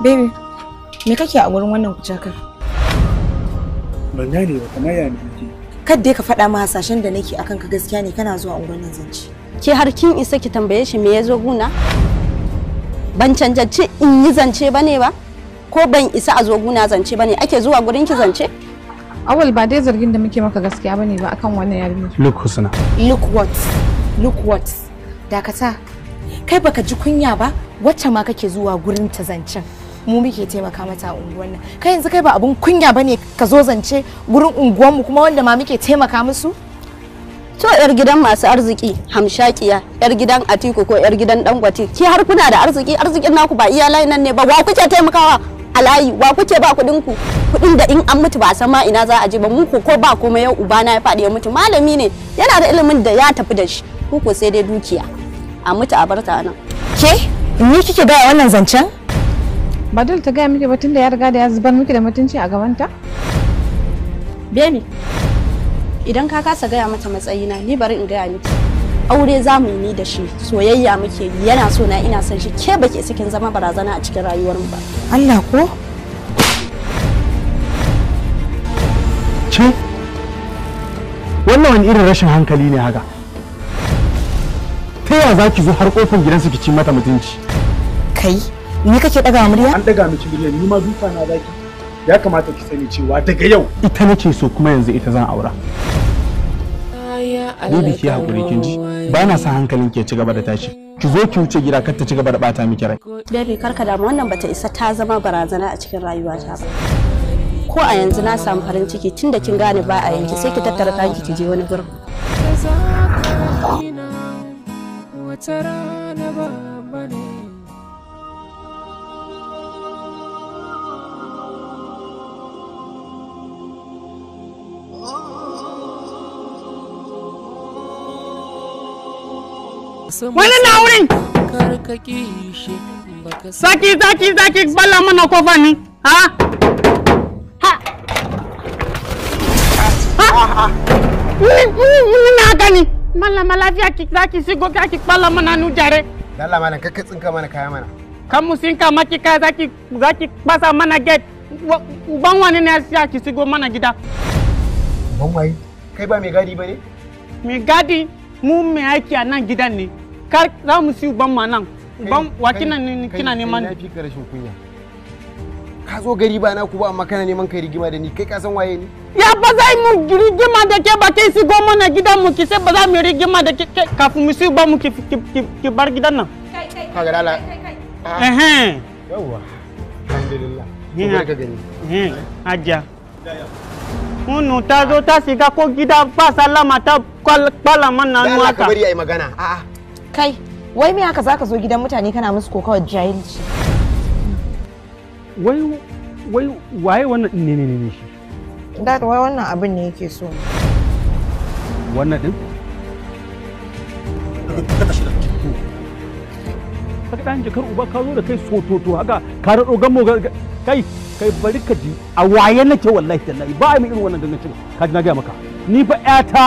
Baby, me kake a wurin wannan kucakar? Ban gane ba kamar ya ne Kar Kadda ka faɗa ma hasashen da nake akan ka gaskiya ne kana zuwa unguwar nan zance. Ke har kin isa ki tambaye shi me ya zo guna? Ban canjance in yi zance ba ne ba? Ko ban isa a zo guna zance ba ne ake zuwa gurin ki zance? Awal ba dai zargin da muke maka gaskiya ba ne ba akan wannan yarinya. Look Husna. Look what? Look what? Dakata. Kai baka ji kunya ba wacce ma kake zuwa gurin ta zancen. mu muke taimaka mata unguwan nan kai yanzu kai ba abun kunya bane ka zo zance gurin unguwan mu kuma wanda ma muke taimaka musu to yar gidan masu arziki hamshakiya yar gidan atiku ko yar gidan dangwati ki har kuna da arziki arzikin naku ba iya layi nan ne ba wa kuke taimakawa alayi wa kuke ba kudin ku kudin da in an mutu ba san ma ina za a je ba mu ko ba komai yau na ya fadi ya mutu malami ne yana da ilimin da ya tafi da shi ku ko sai dai dukiya a mutu a barta nan ke ni kike da wannan zancen ba ta gaya miki batun da ya riga da ya zubar miki da mutunci a gabanta bemi idan ka kasa gaya mata matsayina ni bari in gaya miki aure za mu ni da shi soyayya muke yi yana so na ina son shi ke bake cikin zama barazana a cikin rayuwar mu ba Allah ko ce wannan wani irin rashin hankali ne haka ta yaya za ki zo har kofar su ki ci mata mutunci kai ni kake daga murya an daga miki murya ni ma duka na zaki ya kamata ki sani cewa daga yau ita nace so kuma yanzu ita zan aura Bibi ki hakuri kin ji ba na sa hankalin ki ci gaba da tashi ki zo ki wuce gida kar ta ci gaba da bata miki rai Baby kar ka damu wannan bata isa ta zama barazana a cikin rayuwata ba ko a yanzu na samu farin ciki da kin gane ba a yanki sai ki tattara kanki ki je wani gurin wata rana ba bane wani na wurin saki saki saki balla mana kofa ne ha ha na gani malama lafiya ki zaki shigo kaki balla mana nu jare dalla mana kakka ka mana kaya mana kan mu sinka maki kaya zaki zaki basa mana gate uban wani ne ya ki shigo mana gida ban waye kai ba mai gadi ba ne. mai gadi mu mai aiki a nan gidan ne kar za mu siyu ban ma nan ban wa kina kina neman ne. kunya ka zo gari ba na amma kana neman kai rigima da ni kai ka san waye ni ya ba za mu rigima da ke ba kai sigo mana gidan mu ki sai ba za mu rigima da ke kafin mu siyu ban mu ki ki bar gidan nan ka ga dala eh eh yawa alhamdulillah ni ka gani eh Unu ta zo ta shiga ko gida ba ta kwala bari magana. A'a Kai, wai me haka zaka zo gidan mutane kana musu kokawar jahilci? Wai wai waye wannan ne ne ne shi? Dad, wai wannan abin ne yake so. Wannan din? Saka ɗan jakar uba ka zo da kai sototo haka ka raɗo gamo kai kai bari ka ji a waye nake wallahi tallahi ba a irin wannan gangancin ka ji na gaya maka ni fa 'yata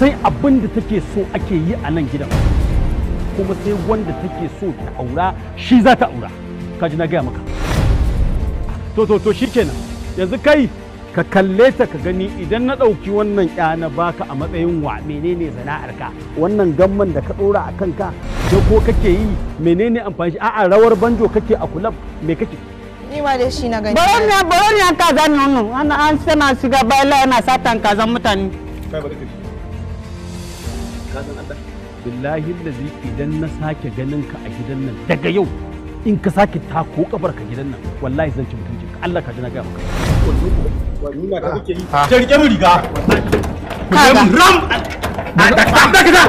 sai abin da take so ake yi a nan gidan. kuma sai wanda take so ta aura shi za ta aura kaji na gaya maka to to to shi kenan yanzu kai ka kalle ta ka gani idan na ɗauki wannan ya na baka a matsayin wa menene sana'arka wannan gamman da ka ɗora a kanka da ko kake yi menene amfani a'a rawar banjo kake a kulab me kake ma da shi na gani. Baron ya baron ya kaza nono ana an sana shiga bayla yana satan kazan mutane. Kai ba kake. Kazan Allah. billahi lazi idan na sake ganin ka a gidan nan daga yau in ka sake tako kabar ka gidan nan wallahi zan ci mutuncin ka Allah ka ji na ga maka da ka da ka da ya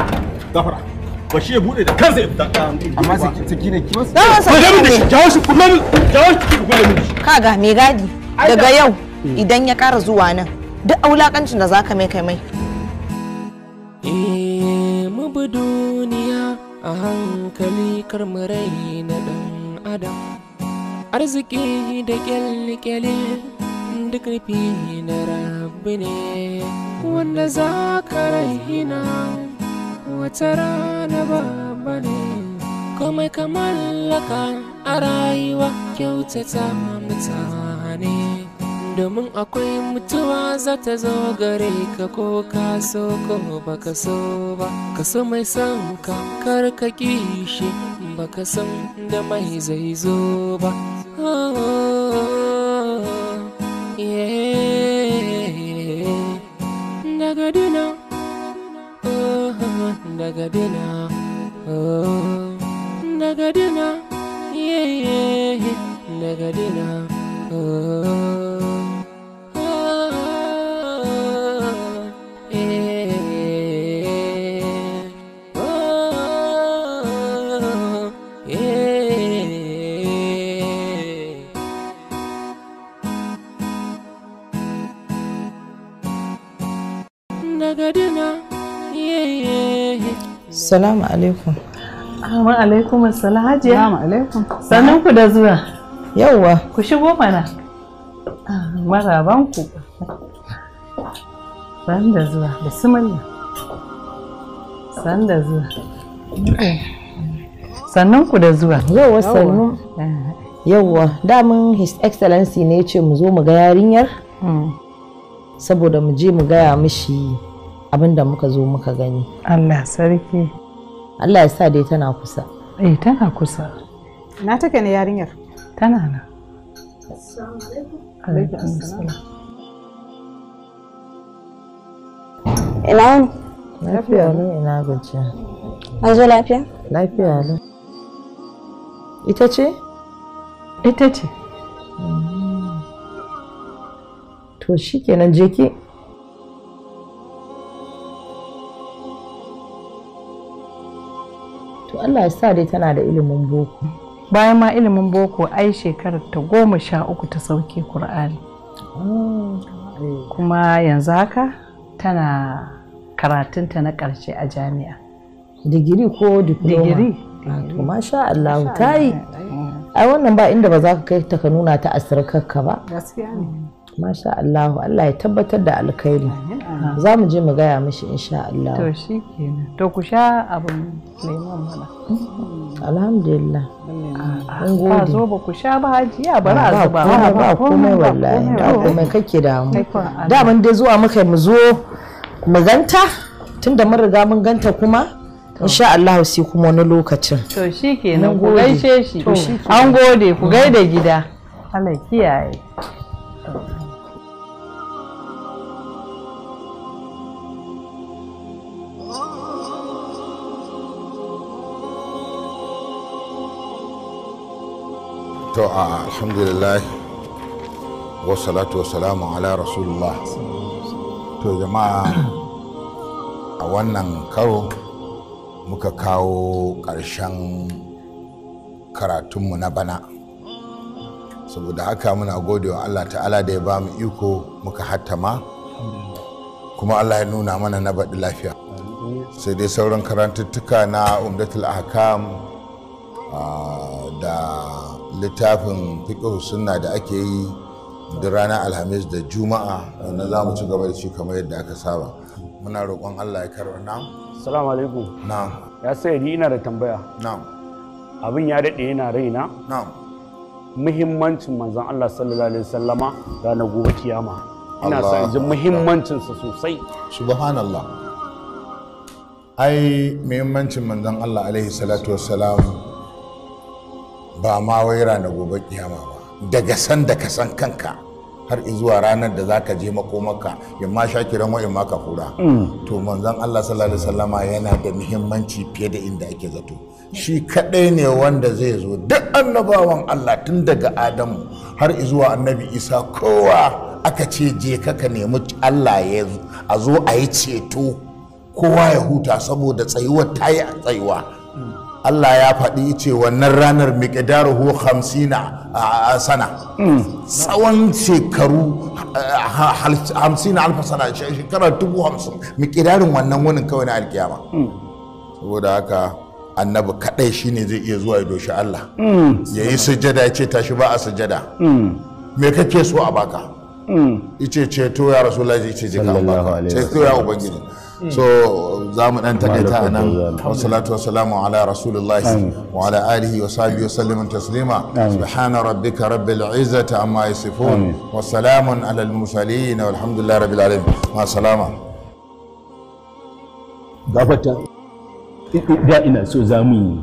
amma da shi kuma shi kaga me gadi daga yau idan ya kara zuwa nan duk aulakancin da zaka mai kai mai duniya a hankali kar mu raina ɗan adam arziki da kyalkyale da karfi na rabbi ne wanda za ka raina wata rana ba ne komai ka mallaka a rayuwa kyautata mutane domin akwai mutuwa za ta zo gare ka ko ka so ko baka so ba ka so mai son ka kar ka kishi baka san da mai zai zo ba oh, daga dina oh Salamu alaikum. Salamu alaikum assalam hajiya. Salamu alaikum. Sannan ku da zuwa. Yawwa. Ku shigo mana. Ah, marabanku. San da zuwa. Bismillah. San da zuwa. Sannan ku da zuwa. Yawwa sannu. Eh. Yawwa damin His Excellency ne ya ce mu zo mu ga yarinyar. Hmm. Saboda mu je mu gaya mishi abin da muka zo muka gani Allah sarki Allah ya sa dai tana kusa eh tana kusa na take ne yarinyar tana na assalamu alaikum alaikum assalam ina wani? lafiya ne ina gajiya an zo lafiya lafiya ne ita ce ita ce to shikenan je ki to Allah ya sa dai tana da ilimin boko bayan ma ilimin boko ai shekarar ta goma sha uku ta sauke Kur'ani oh, kuma yanzu haka tana karatunta na karshe a jami'a digiri ko digiri ah, to masha Allah ta yi ai wannan ba inda ba za ka kai ta ka nuna ta asirkarka ba gaskiya ne Masha Allahu Allah ya tabbatar da alkhairi. Za mu je mu gaya mishi insha Allah. To shi kenan. To ku sha abin lemon mana. Hmm. Alhamdulillah. An gode. Ba zo ba ku sha ba hajiya bari a zuba. Ba ba komai wallahi. Da komai kake da mu. Da mun dai zuwa muka mu zo mu ganta tunda mun riga mun ganta kuma insha Allah sai kuma wani lokacin. To shi kenan ku gaishe shi. An gode ku gaida gida. Allah kiyaye. to a alhamdulillah wasalatu wasalamu ala rasulullah to jama'a a wannan karo muka kawo ƙarshen karatunmu na bana saboda haka muna gode wa allah ta'ala da ya ba mu iko muka hattama kuma allah ya nuna mana na baɗi lafiya sai dai sauran karantattuka na umdatul ahkam da littafin fiƙihu sunna da ake yi da ranar alhamis da juma'a na za mu ci gaba da shi kamar yadda aka saba muna roƙon allah ya karɓa na salamu alaikum na ya sai ni ina da tambaya na abin ya daɗe yana raina na muhimmancin manzon allah sallallahu alaihi sallama ranar gobe kiyama ina sa in muhimmancinsa sosai subhanallah ai muhimmancin manzon allah alaihi salatu wassalam ba ma wai rana gobe kiyama ba daga san da ka san kanka har zuwa ranar da zaka je makomaka ya ma sha kiran wa'in ma ka kura. Hmm. to manzon Allah sallallahu alaihi wasallama yana da muhimmanci fiye da inda ake zato shi kadai ne wanda zai zo duk annabawan Allah tun daga Adamu har zuwa annabi Isa kowa aka ce je ka ka nemi Allah ya a zo a yi ceto kowa ya huta saboda tsayuwar ta yi a tsayuwa hmm. Allah ya faɗi ce wannan ranar miƙidaruhu hamsina a sana hmm. tsawon shekaru hamsina alfa sana shekarar dubu hamsin miƙidarin wannan wunin kawai na alkiyama hmm. saboda haka annabi kaɗai shine zai iya zuwa ya doshi Allah hmm. ya yi sujada ya ce tashi ba a sujada me kake so a baka ice ceto ya rasu laji ce jikan baka ceto ya ubangiji so za mu dan takaita a nan wasalatu wasalamu ala rasulullahi wa ala alihi wa sahbihi wa sallam taslima subhana rabbika rabbil izzati amma yasifun wa salamun ala al mursalin walhamdulillahi rabbil alamin ma salama gafata da ina so za mu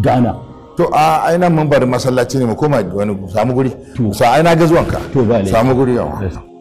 gana to a aina mun bar masallaci ne mu koma wani samu guri sa aina ga zuwanka samu guri yawa